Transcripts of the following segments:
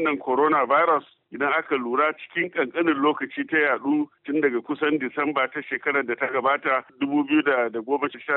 wannan coronavirus idan aka lura cikin kankanin lokaci ta yadu tun daga kusan disamba ta shekarar da ta gabata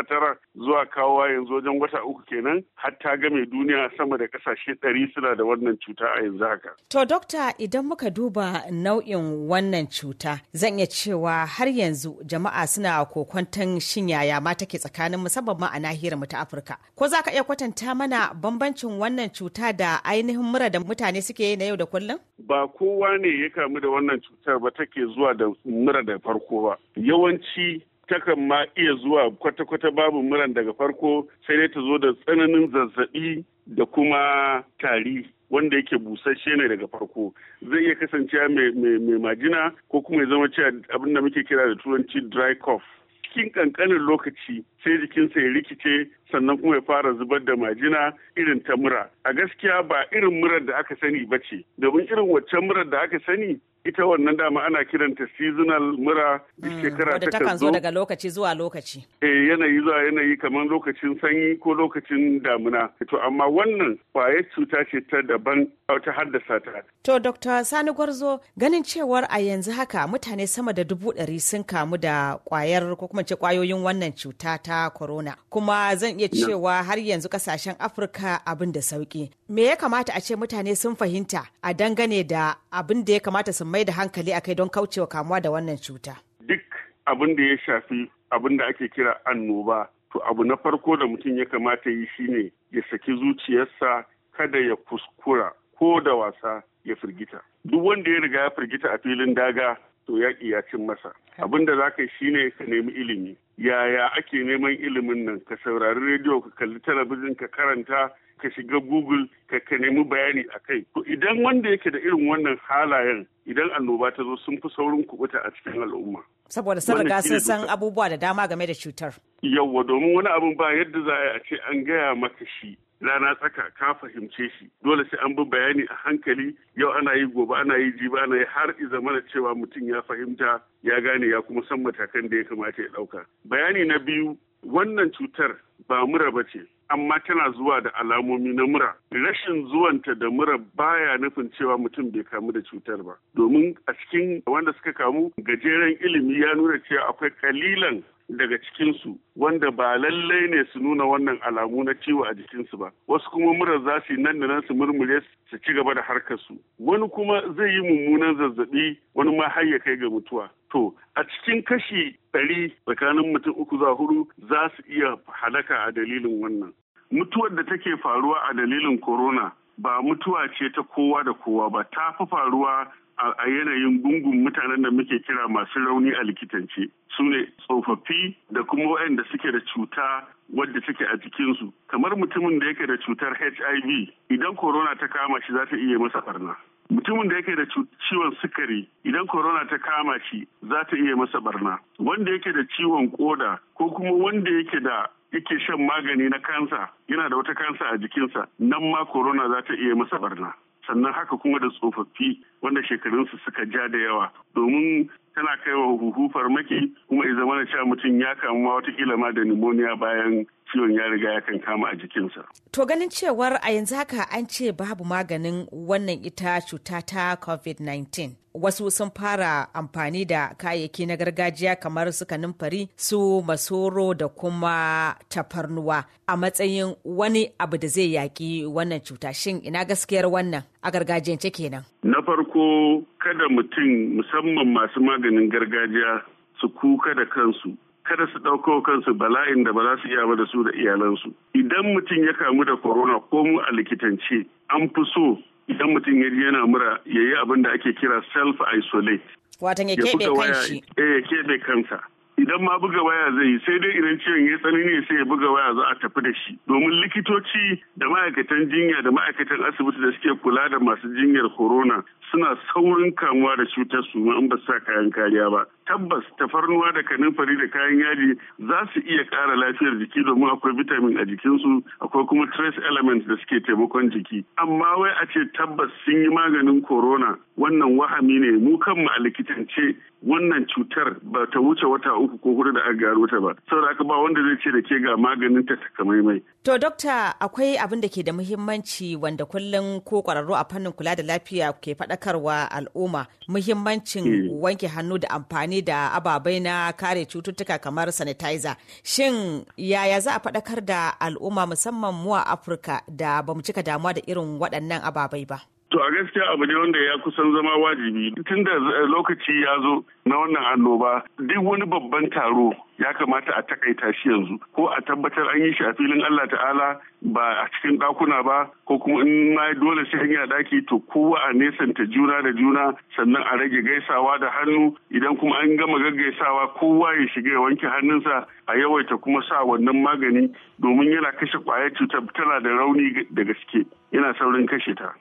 tara zuwa kawowa yanzu wajen wata uku kenan har ta game duniya sama da kasashe ɗari suna da wannan cuta a yanzu haka. to dokta idan muka duba nau'in wannan cuta zan iya cewa har yanzu jama'a suna kokwanton shin yaya ma take tsakanin musamman ma a nahiyar mu ta afirka ko za ka iya kwatanta mana bambancin wannan cuta da ainihin mura da mutane suke yi na yau da kullum ba kowa ne ya kamu da wannan cutar ba take zuwa da mura da farko ba yawanci takan ma iya zuwa kwata-kwata babu muran daga farko sai dai ta zo da tsananin zazzabi da kuma tari wanda yake busasshe ne daga farko zai iya kasancewa mai majina ko kuma ya zama cewa abin da muke kira da turanci dry cough cikin kankanin lokaci sai jikinsa ya rikice sannan kuma ya fara zubar da majina irin ta mura a gaskiya ba irin murar da aka sani ba ce domin irin waccan murar da aka sani ita wannan dama ana kiranta seasonal mura duk hmm. shekara ta kan zo daga lokaci zuwa lokaci eh yanayi zuwa yanayi kamar lokacin sanyi ko lokacin damuna to amma wannan kwaye cuta ce ta daban ta haddasa ta to dr sani gwarzo ganin cewar a yanzu haka mutane sama da dubu ɗari sun kamu da kwayar ko kuma ce kwayoyin wannan cuta ta corona kuma zan iya cewa har yanzu kasashen afirka abin da sauki me ya kamata a ce mutane sun fahimta a dangane da abin da ya kamata su mai da hankali a kai don kaucewa kamuwa da wannan cuta? Duk abin da ya shafi abin da ake kira annoba, to abu na farko da mutum ya kamata yi shine ya saki zuciyarsa kada ya kuskura ko da wasa ya firgita. Duk wanda ya riga ya firgita a filin daga to yaƙi ya cin masa. Abin da za ka yi shine ka nemi ilimi. Yaya ake neman ilimin nan ka saurari rediyo ka kalli talabijin ka karanta ka shiga google ka ka nemi bayani a kai idan wanda yake da irin wannan halayen idan annoba ta zo sun fi saurin kubuta a cikin al'umma saboda sun riga sun san abubuwa da dama game da cutar yawwa domin wani abin ba yadda za a ce an gaya maka shi rana tsaka ka fahimce shi dole sai an bi bayani a hankali yau ana yi gobe ana yi jiba ana yi har iza mana cewa mutum ya fahimta ya gane ya kuma san matakan da ya kamata ya ɗauka bayani na biyu wannan cutar ba mura ba ce amma tana zuwa da alamomi na mura rashin zuwanta da mura baya nufin cewa mutum bai kamu da cutar ba domin a cikin wanda suka kamu gajeren ilimi ya nuna cewa akwai kalilan daga cikinsu wanda ba lallai ne su nuna wannan alamu na ciwo a jikinsu ba wasu kuma mura za su yi nan da nan su murmure su ci gaba da harkar su. wani kuma zai yi mummunan zazzabi wani ma har ya kai ga mutuwa to a cikin kashi ɗari tsakanin mutum uku za hudu za su iya halaka a dalilin wannan mutuwar da take faruwa a dalilin korona ba mutuwa ce ta kowa da kowa ba ta fi faruwa a yanayin gungun mutanen da muke kira masu rauni a likitance su ne tsofaffi da kuma waɗanda suke da cuta wadda take a jikinsu kamar mutumin da yake da cutar hiv idan corona ta kama shi za ta iya masa barna mutumin da yake da ciwon sukari idan corona ta kama shi za ta iya masa barna wanda yake da ciwon koda ko kuma wanda yake da yake shan magani na kansa yana da wata kansa a jikinsa nan ma corona za ta iya masa barna sannan haka kuma da tsofaffi wanda shekarunsu suka ja da yawa domin tana kaiwa wa huhu farmaki kuma ya na cewa mutum ya kamu ma watakila ma da nimoniya bayan ciwon ya riga ya kan kama a jikinsa. To ganin cewar a yanzu haka an ce babu maganin wannan ita cuta ta COVID-19. Wasu sun fara amfani da kayayyaki na gargajiya kamar su numfari su masoro da kuma tafarnuwa a matsayin wani abu da zai yaƙi wannan cuta shin ina gaskiyar wannan a gargajiyance kenan. Na farko kada mutum musamman masu maganin gargajiya su kuka da kansu kada su ɗauko kansu bala'in da ba za su iya ba da su da iyalansu idan mutum ya kamu da corona ko mu a likitance an fi so idan mutum ya yana mura ya yi abin da ake kira self isolate watan ya keɓe kanshi eh, ya keɓe kansa idan ma buga waya zai yi sai dai idan ciwon ya tsanani sai ya buga waya za a tafi da shi domin likitoci da ma'aikatan jinya da ma'aikatan asibiti da suke kula da masu jinyar corona suna saurin kamuwa da cutar su in ba sa kayan kariya ba tabbas tafarnuwa da kanunfari da kayan yadi za su iya ƙara lafiyar jiki domin akwai vitamin a jikinsu akwai kuma trace elements da suke taimakon jiki amma wai a ce tabbas sun yi maganin corona wannan wahami ne mu kanmu a likitance wannan cutar ba ta wuce wata uku ko hudu da aka gano ta ba saboda haka ba wanda zai ce da ke ga maganin ta takamaimai to dokta akwai abin da ke da muhimmanci wanda kullum ko kwararru a fannin kula da lafiya ke faɗakarwa al'umma muhimmancin eh. wanke hannu da amfani amfani da ababai na kare cututtuka kamar sanitizer shin yaya za a faɗakar da al'umma musamman mu a afirka da bamu cika damuwa da irin waɗannan ababai ba To a gaskiya abu ne wanda ya kusan zama wajibi tun da eh, lokaci ya zo na wannan annoba duk wani babban taro ya kamata a takaita shi yanzu ko a tabbatar an yi shi a filin Allah ta'ala ba a cikin ɗakuna ba ko kuma in ma dole shi hanya ɗaki to kowa a nesanta juna da juna sannan a rage gaisawa da hannu idan kuma an gama gaggaisawa kowa ya shiga ya wanke hannunsa a yawaita kuma sa wannan magani domin yana kashe ƙwayar cutar tana da rauni da gaske yana saurin kashe ta.